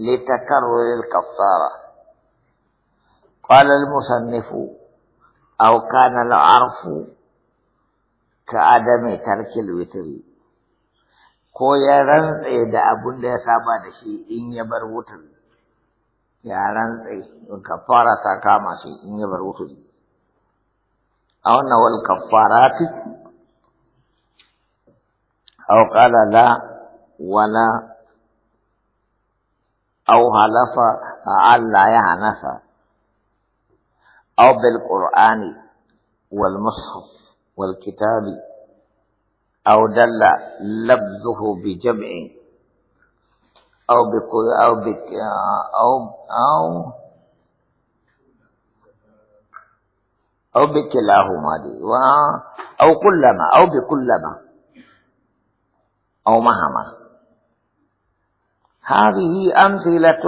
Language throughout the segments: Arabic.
لتكرر الكفارة قال المصنف أو كان العرف كعدم ترك الوتر ko ya rantse da abun da ya saba da shi in ya bar wutar ya rantse in kafara ta kama shi in ya bar wutar a wannan wal kafarati ta? qala la wala أو حلف ألا يعنف أو بالقرآن والمصحف والكتاب أو دل لفظه بجمع أو بكل أو بك أو أو أو بكلاهما دي أو كلما أو بكلما أو مهما هذه أمثلة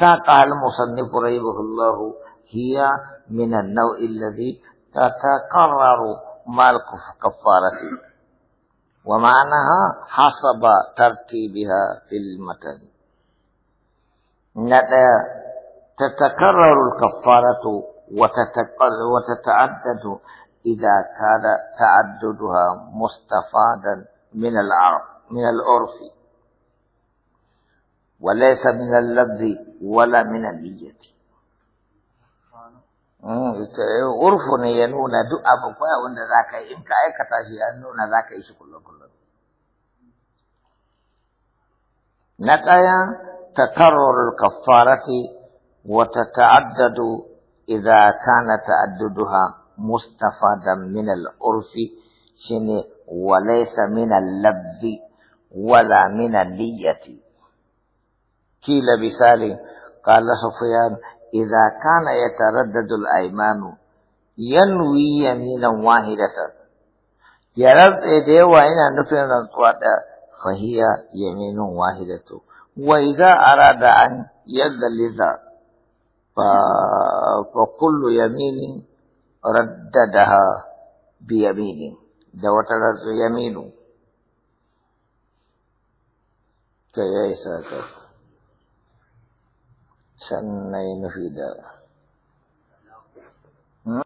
ساقها المصنف رحمه الله هي من النوع الذي تتكرر مع الكفارة ومعناها حسب ترتيبها في المتن تتكرر الكفارة وتتعدد إذا كان تعددها مستفادا من العرف من العرف وليس من اللفظ ولا من النية. غرف ينون دعاء بقوى إن كاي كتاشي ذاك إيش كل كل. نتايا تكرر الكفارة وتتعدد إذا كان تعددها مستفادا من العرف شنو وليس من اللفظ ولا من النية قيل بسالم قال سفيان إذا كان يتردد الأيمان ينوي يمينا واحدة يرد إيدي وإن نفر فهي يمين واحدة وإذا أراد أن يدلز فكل يمين رددها بيمين دوت يمين كي يساكت sannan nufi da